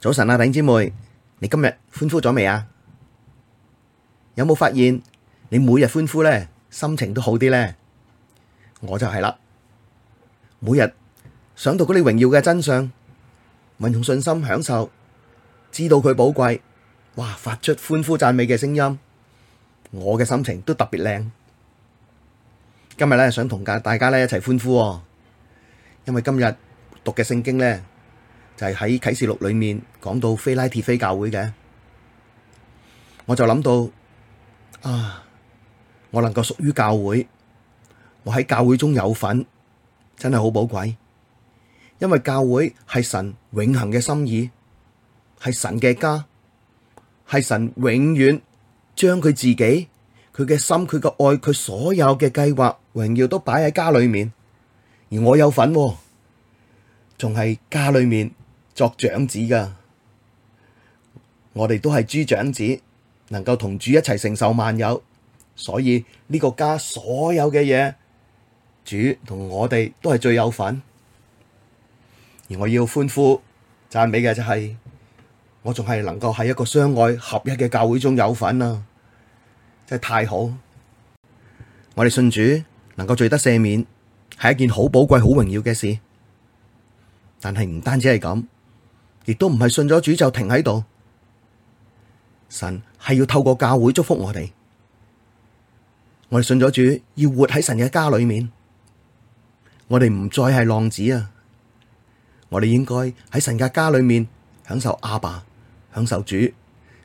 早晨啊，頂姐妹，你今日歡呼咗未啊？有冇發現你每日歡呼咧，心情都好啲咧？我就係啦，每日想到嗰啲榮耀嘅真相，運用信心享受，知道佢寶貴，哇！發出歡呼讚美嘅聲音，我嘅心情都特別靚。今日咧想同大家咧一齊歡呼，因為今日讀嘅聖經咧。就係喺啟示錄裏面講到非拉鐵非教會嘅，我就諗到啊，我能夠屬於教會，我喺教會中有份，真係好寶貴，因為教會係神永恆嘅心意，係神嘅家，係神永遠將佢自己、佢嘅心、佢嘅愛、佢所有嘅計劃、榮耀都擺喺家裏面，而我有份，仲係家裏面作長子嘅，我哋都係諸長子，能夠同主一齊承受萬有，所以呢個家所有嘅嘢，主同我哋都係最有份。而我要歡呼讚美嘅就係、是，我仲係能夠喺一個相愛合一嘅教會中有份啊！真係太好。我哋信主能夠罪得赦免，係一件好寶貴、好榮耀嘅事。但係唔單止係咁。亦都唔係信咗主就停喺度，神係要透過教會祝福我哋，我哋信咗主要活喺神嘅家裏面，我哋唔再係浪子啊，我哋應該喺神嘅家裏面享受阿爸，享受主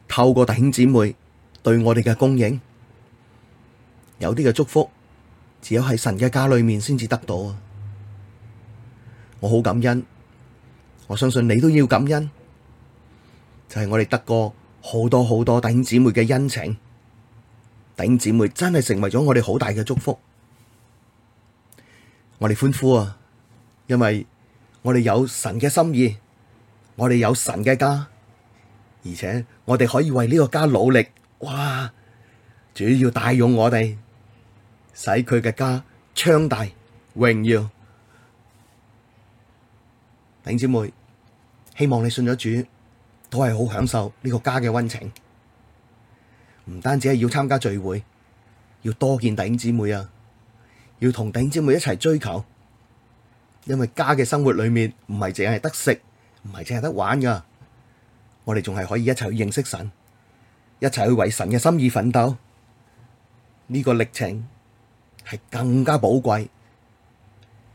透過弟兄姊妹對我哋嘅供應，有啲嘅祝福只有喺神嘅家裏面先至得到啊，我好感恩。我相信你都要感恩，就係我哋得過好多好多弟兄姊妹嘅恩情，弟兄姊妹真係成為咗我哋好大嘅祝福，我哋歡呼啊！因為我哋有神嘅心意，我哋有神嘅家，而且我哋可以為呢個家努力，哇！主要帶用我哋，使佢嘅家昌大榮耀。弟兄姊妹，希望你信咗主都係好享受呢個家嘅溫情。唔單止係要參加聚會，要多見弟兄姊妹啊，要同弟兄姊妹一齊追求，因為家嘅生活裏面唔係淨係得食，唔係淨係得玩噶。我哋仲係可以一齊去認識神，一齊去為神嘅心意奮鬥。呢、這個歷程係更加寶貴，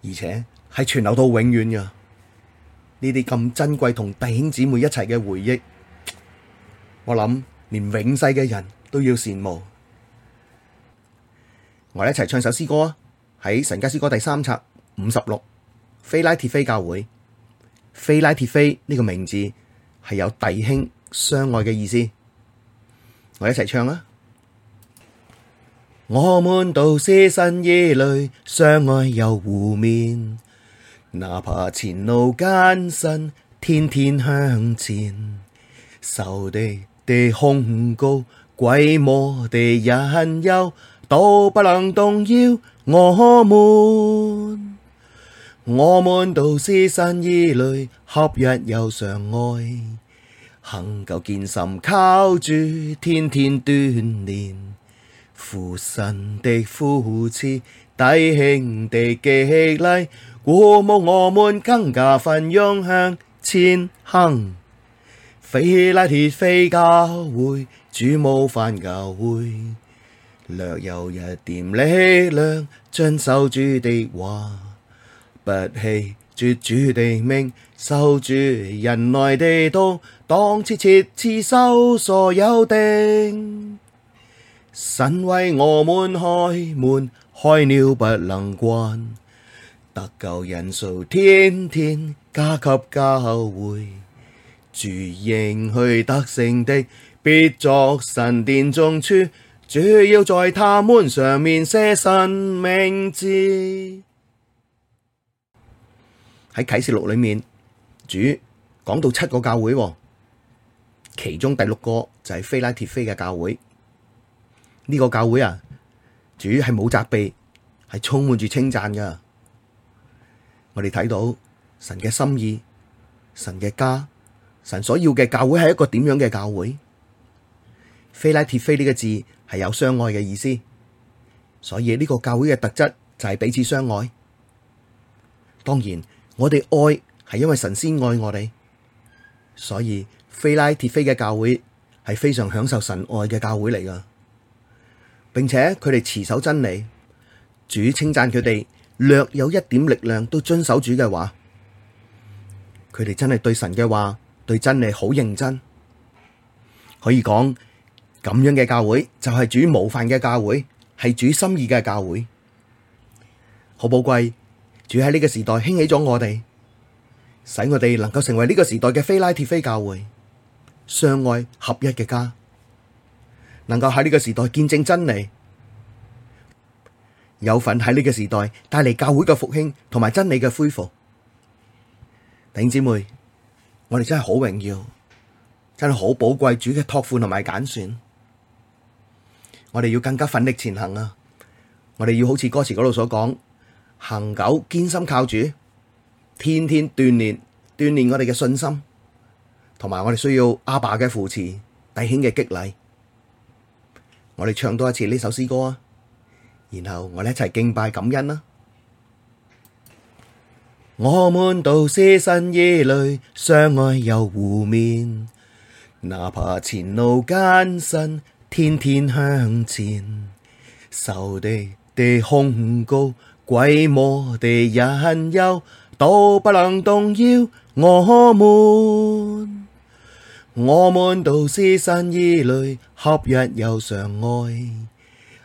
而且係存留到永遠噶。呢啲咁珍貴同弟兄姊妹一齊嘅回憶，我諗連永世嘅人都要羨慕。我哋一齊唱首詩歌啊！喺《神家詩歌》第三冊五十六，非拉鐵非教會，非拉鐵非呢個名字係有弟兄相愛嘅意思。我哋一齊唱啦！我們都是神兒女，相愛又互勉。哪怕前路艱辛，天天向前，仇敵的控告，鬼魔的引誘，都不能動搖我們。我們都是神兒女，合一又相愛，恆久堅心靠主，天天鍛鍊，父神的扶持，弟兄的激勵。鼓舞我們更加奮勇向前行，非拉鐵非教會，主模範教會，略有一點力量，遵守主的話，不棄絕主的名，守主忍耐的道，當切切持守所有的，神為我們開門，開了不能關。得救人數天天加給教會，主應許得勝的，必作神殿中柱，主要在他們上面寫神名字。喺啟示錄裏面，主講到七個教會，其中第六個就係非拉鐵非嘅教會，呢、這個教會啊，主係冇責備，係充滿住稱讚噶。我哋睇到神嘅心意、神嘅家、神所要嘅教會係一個點樣嘅教會？非拉鐵非呢個字係有相愛嘅意思，所以呢個教會嘅特質就係彼此相愛。當然，我哋愛係因為神先愛我哋，所以非拉鐵非嘅教會係非常享受神愛嘅教會嚟噶，並且佢哋持守真理，主稱讚佢哋。略有一點力量，都遵守主嘅話，佢哋真係對神嘅話、對真理好認真。可以講咁樣嘅教會就係主模範嘅教會，係主心意嘅教會，好寶貴。主喺呢個時代興起咗我哋，使我哋能夠成為呢個時代嘅非拉鐵非教會，相愛合一嘅家，能夠喺呢個時代見證真理，有份喺呢個時代帶嚟教會嘅復興同埋真理嘅恢復，弟兄姊妹，我哋真係好榮耀，真係好寶貴主嘅託付同埋揀選。我哋要更加奮力前行啊！我哋要好似歌詞嗰度所講，恆久堅心靠主，天天鍛鍊，鍛鍊我哋嘅信心，同埋我哋需要阿爸嘅扶持、弟兄嘅激勵。我哋唱多一次呢首詩歌啊！然後我哋一齊敬拜感恩啦！我們都是神兒女，相愛又互勉，哪怕前路艱辛，天天向前。仇敵的控告，鬼魔的引誘，都不能動搖我們。我們都是神兒女，合一又相愛。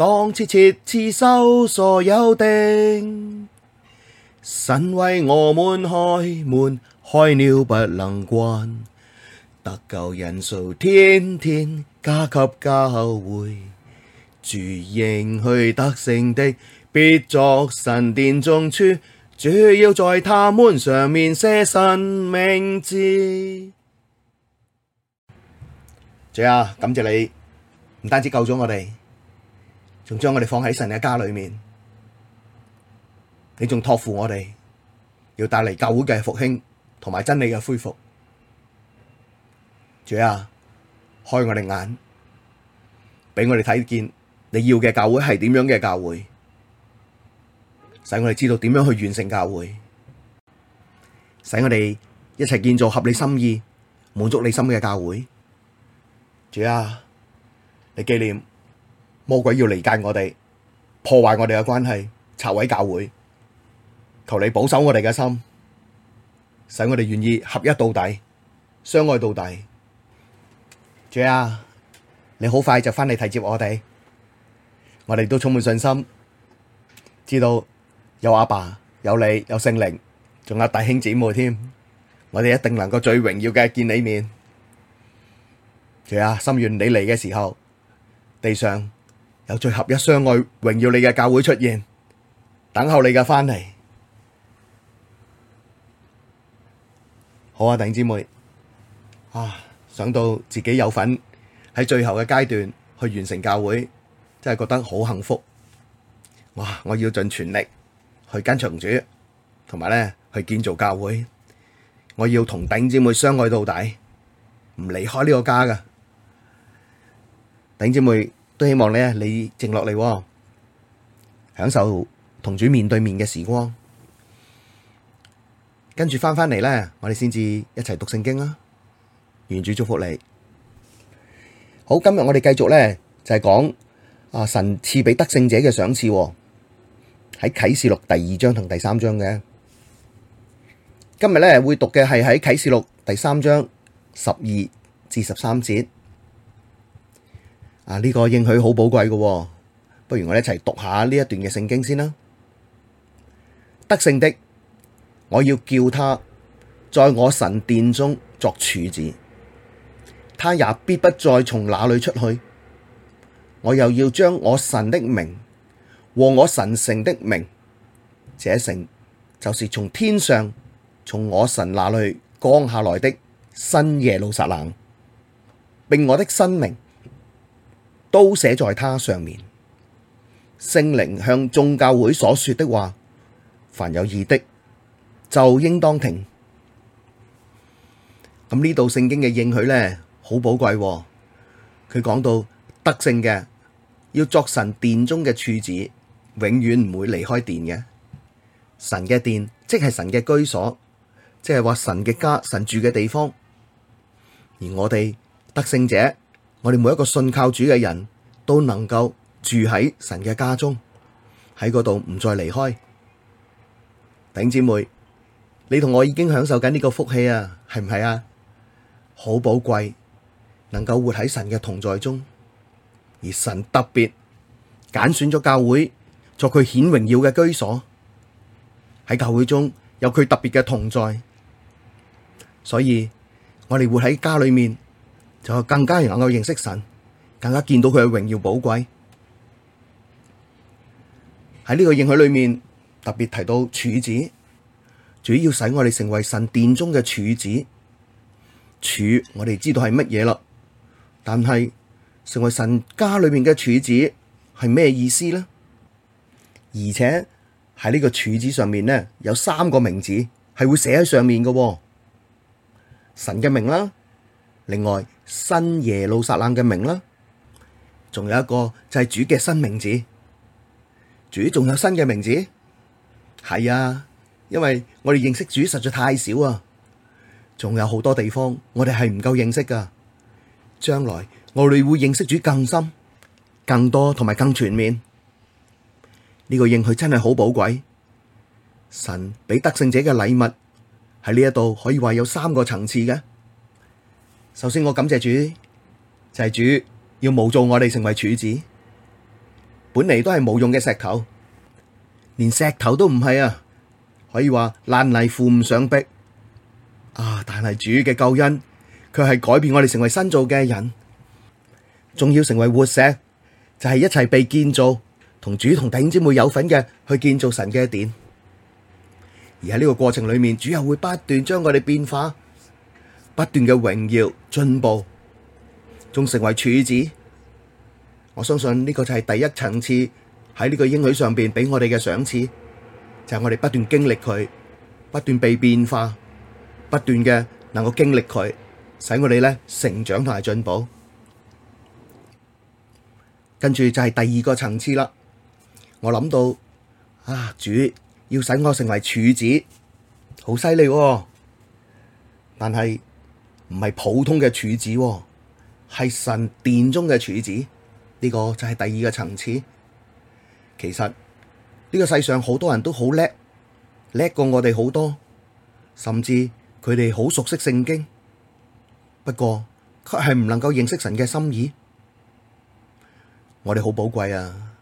當切切持守所有的，神為我們開門，開了不能關。得救人數天天加給教會，主應許得勝的，必作神殿中柱，主要在他們上面寫新名字。主啊，感謝你，唔單止救咗我哋。仲將我哋放喺神嘅家裏面，你仲託付我哋，要帶嚟教會嘅復興同埋真理嘅恢復。主啊，開我哋眼，俾我哋睇見你要嘅教會係點樣嘅教會，使我哋知道點樣去完成教會，使我哋一齊建造合理心意、滿足你心嘅教會。主啊，你紀念。魔鬼要離間我哋，破壞我哋嘅關係，拆毀教會。求你保守我哋嘅心，使我哋願意合一到底，相愛到底。主啊，你好快就翻嚟提接我哋，我哋都充滿信心，知道有阿爸，有你，有聖靈，仲有弟兄姊妹添。我哋一定能夠最榮耀嘅見你面。主啊，心願你嚟嘅時候，地上。有最合一相愛，榮耀你嘅教會出現，等候你嘅翻嚟。好啊，頂姊妹，哇！想到自己有份喺最後嘅階段去完成教會，真係覺得好幸福。哇！我要盡全力去跟從主，同埋咧去建造教會。我要同頂姊妹相愛到底，唔離開呢個家噶。頂姊妹。都希望咧，你靜落嚟，享受同主面對面嘅時光，跟住翻返嚟咧，我哋先至一齊讀聖經啦。願主祝福你。好，今日我哋繼續咧，就係講啊神賜俾得勝者嘅賞賜，喺啟示錄第二章同第三章嘅。今日咧會讀嘅係喺啟示錄第三章十二至十三節。啊！呢個應許好寶貴嘅，不如我哋一齊讀一下呢一段嘅聖經先啦。得勝的，我要叫他在我神殿中作柱子，他也必不再從那裏出去。我又要將我神的名和我神城的名，這城就是從天上從我神那裏降下來的新耶路撒冷，並我的新名。都寫在他上面，聖靈向眾教會所說的話，凡有耳的就應當聽。咁呢度聖經嘅應許呢，好寶貴、哦。佢講到得勝嘅，要作神殿中嘅柱子，永遠唔會離開殿嘅。神嘅殿，即係神嘅居所，即係話神嘅家，神住嘅地方。而我哋得勝者。我哋每一個信靠主嘅人都能夠住喺神嘅家中，喺嗰度唔再離開。弟兄姊妹，你同我已經享受緊呢個福氣啊，係唔係啊？好寶貴，能夠活喺神嘅同在中，而神特別揀選咗教會作佢顯榮耀嘅居所，喺教會中有佢特別嘅同在，所以我哋活喺家裏面。就更加能夠認識神，更加見到佢嘅榮耀寶貴。喺呢個應許裏面，特別提到柱子，主要使我哋成為神殿中嘅柱子。柱，我哋知道係乜嘢啦？但係成為神家裏面嘅柱子係咩意思呢？而且喺呢個柱子上面呢，有三個名字係會寫喺上面嘅。神嘅名啦。另外，新耶路撒冷嘅名啦，仲有一個就係主嘅新名字。主仲有新嘅名字，係啊，因為我哋認識主實在太少啊，仲有好多地方我哋係唔夠認識噶。將來我哋會認識主更深、更多同埋更全面。呢、這個應許真係好寶貴。神俾得勝者嘅禮物喺呢一度可以話有三個層次嘅。首先，我感謝主，就係主要模造我哋成為柱子，本嚟都係無用嘅石頭，連石頭都唔係啊，可以話爛泥扶唔上壁啊！但係主嘅救恩，佢係改變我哋成為新造嘅人，仲要成為活石，就係一齊被建造，同主同弟兄姊妹有份嘅去建造神嘅殿。而喺呢個過程裏面，主又會不斷將我哋變化。不斷嘅榮耀進步，仲成為柱子，我相信呢個就係第一層次喺呢個應許上邊俾我哋嘅賞賜，就係我哋不斷經歷佢，不斷被變化，不斷嘅能夠經歷佢，使我哋咧成長同埋進步。跟住就係第二個層次啦，我諗到啊，主要使我成為柱子，好犀利喎，但係。唔係普通嘅柱子，係神殿中嘅柱子，呢個就係第二個層次。其實呢個世上好多人都好叻，叻過我哋好多，甚至佢哋好熟悉聖經。不過佢係唔能夠認識神嘅心意。我哋好寶貴啊！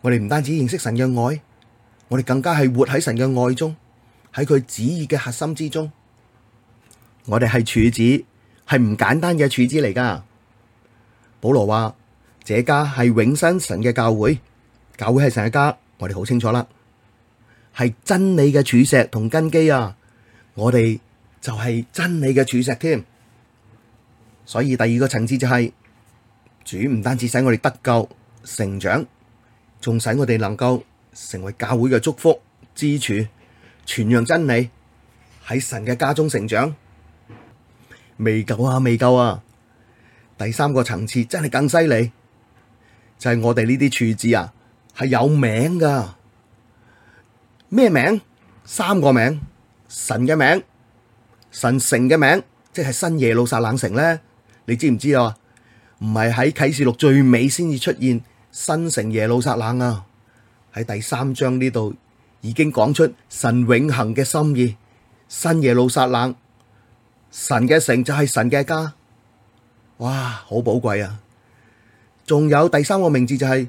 我哋唔單止認識神嘅愛，我哋更加係活喺神嘅愛中，喺佢旨意嘅核心之中。我哋係柱子，係唔簡單嘅柱子嚟噶。保羅話，這家係永生神嘅教會，教會係神嘅家。我哋好清楚啦，係真理嘅柱石同根基啊！我哋就係真理嘅柱石添。所以第二個層次就係、是，主唔單止使我哋得救、成長，仲使我哋能夠成為教會嘅祝福之柱，傳揚真理喺神嘅家中成長。未夠啊，未夠啊！第三個層次真係更犀利，就係、是、我哋呢啲柱子啊，係有名噶。咩名？三個名，神嘅名，神城嘅名，即係新耶路撒冷城咧。你知唔知啊？唔係喺啟示錄最尾先至出現新城耶路撒冷啊，喺第三章呢度已經講出神永恆嘅心意，新耶路撒冷。神嘅城就係神嘅家，哇，好寶貴啊！仲有第三個名字就係、是、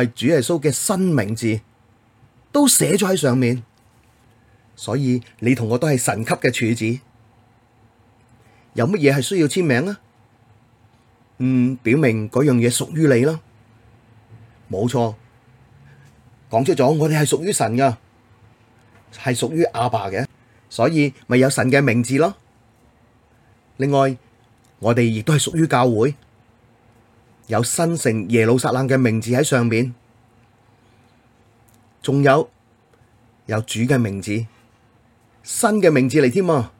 係主耶穌嘅新名字，都寫咗喺上面。所以你同我都係神級嘅柱子，有乜嘢係需要簽名啊？嗯，表明嗰樣嘢屬於你咯。冇錯，講出咗我哋係屬於神噶，係屬於阿爸嘅，所以咪有神嘅名字咯。另外，我哋亦都係屬於教會，有新城耶路撒冷嘅名字喺上面，仲有有主嘅名字，新嘅名字嚟添。啊，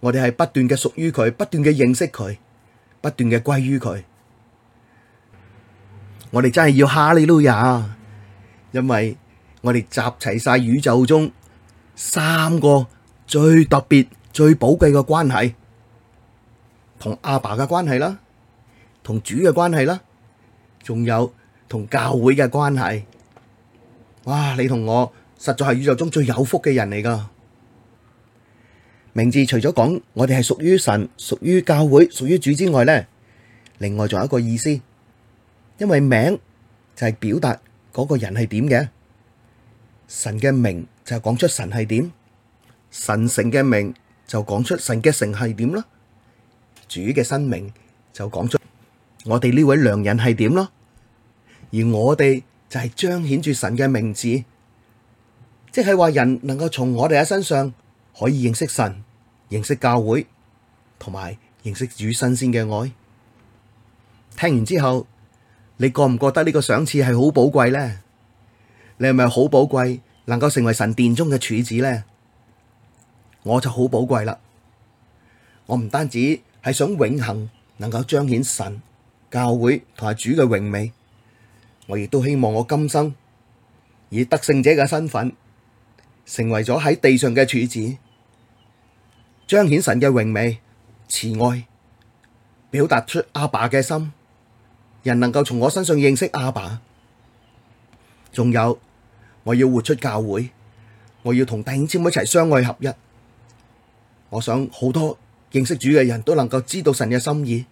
我哋係不斷嘅屬於佢，不斷嘅認識佢，不斷嘅歸於佢。我哋真係要哈利路亞，因為我哋集齊晒宇宙中三個最特別、最寶貴嘅關係。同阿爸嘅關係啦，同主嘅關係啦，仲有同教會嘅關係。哇！你同我實在係宇宙中最有福嘅人嚟噶。名字除咗講我哋係屬於神、屬於教會、屬於主之外呢，另外仲有一個意思，因為名就係表達嗰個人係點嘅。神嘅名就係講出神係點，神城嘅名就講出神嘅城係點啦。主嘅生命就講出我哋呢位良人係點咯，而我哋就係彰顯住神嘅名字，即係話人能夠從我哋嘅身上可以認識神、認識教會，同埋認識主新鮮嘅愛。聽完之後，你覺唔覺得呢個賞賜係好寶貴呢？你係咪好寶貴，能夠成為神殿中嘅柱子呢？我就好寶貴啦，我唔單止。係想永恆能夠彰顯神教會同埋主嘅榮美，我亦都希望我今生以得勝者嘅身份，成為咗喺地上嘅柱子，彰顯神嘅榮美慈愛，表達出阿爸嘅心，人能夠從我身上認識阿爸。仲有，我要活出教會，我要同弟兄姊妹一齊相愛合一。我想好多。認識主嘅人都能夠知道神嘅心意，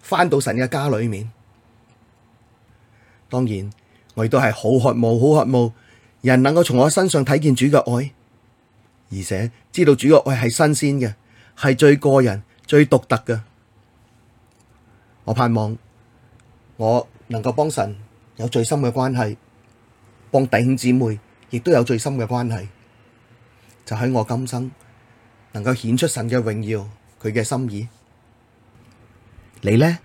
翻到神嘅家裏面。當然，我亦都係好渴望、好渴望人能夠從我身上睇見主嘅愛，而且知道主嘅愛係新鮮嘅，係最個人、最獨特嘅。我盼望我能夠幫神有最深嘅關係，幫弟兄姊妹亦都有最深嘅關係，就喺我今生能夠顯出神嘅榮耀。佢嘅心意，你呢，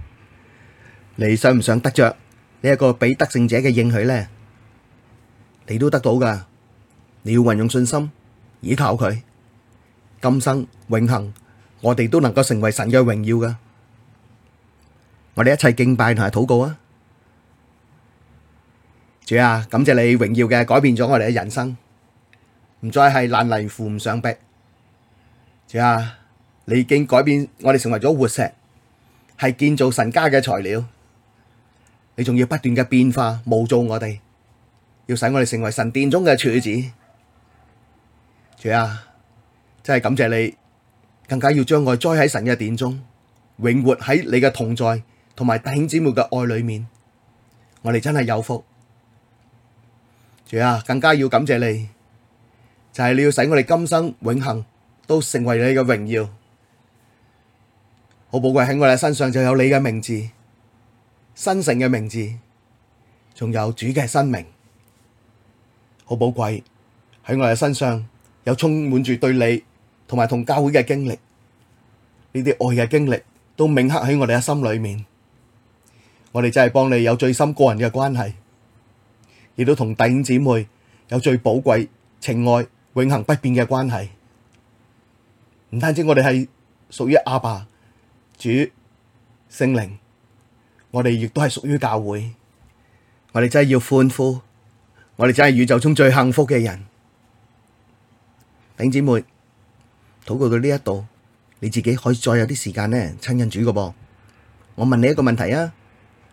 你想唔想得着呢一個俾得勝者嘅應許呢？你都得到噶你要運用信心，依靠佢，今生永恒，我哋都能夠成為神嘅榮耀噶我哋一齊敬拜同埋禱告啊！主啊，感謝你榮耀嘅改變咗我哋嘅人生，唔再係爛泥扶唔上壁。主啊！你已經改變我哋成為咗活石，係建造神家嘅材料。你仲要不斷嘅變化，塑造我哋，要使我哋成為神殿中嘅柱子。主啊，真係感謝你，更加要將我栽喺神嘅殿中，永活喺你嘅同在同埋弟兄姊妹嘅愛裏面。我哋真係有福。主啊，更加要感謝你，就係你要使我哋今生永恆都成為你嘅榮耀。好寶貴喺我哋身上就有你嘅名字、新城嘅名字，仲有主嘅新名。好寶貴喺我哋身上，有充滿住對你同埋同教會嘅經歷，呢啲愛嘅經歷都銘刻喺我哋嘅心裏面。我哋真係幫你有最深個人嘅關係，亦都同弟兄姊妹有最寶貴情愛永恆不變嘅關係。唔單止我哋係屬於阿爸，主聖靈，我哋亦都係屬於教會，我哋真係要歡呼，我哋真係宇宙中最幸福嘅人。頂姊妹禱告到呢一度，你自己可以再有啲時間呢，親近主個噃。我問你一個問題啊，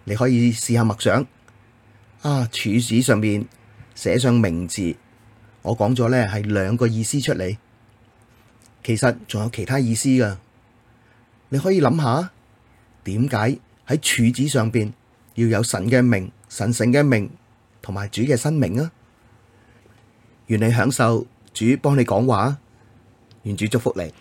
你可以試下默想啊，柱子上面寫上名字，我講咗呢係兩個意思出嚟，其實仲有其他意思㗎。你可以諗下，點解喺柱子上邊要有神嘅名、神城嘅名同埋主嘅新名？啊？願你享受主幫你講話，願主祝福你。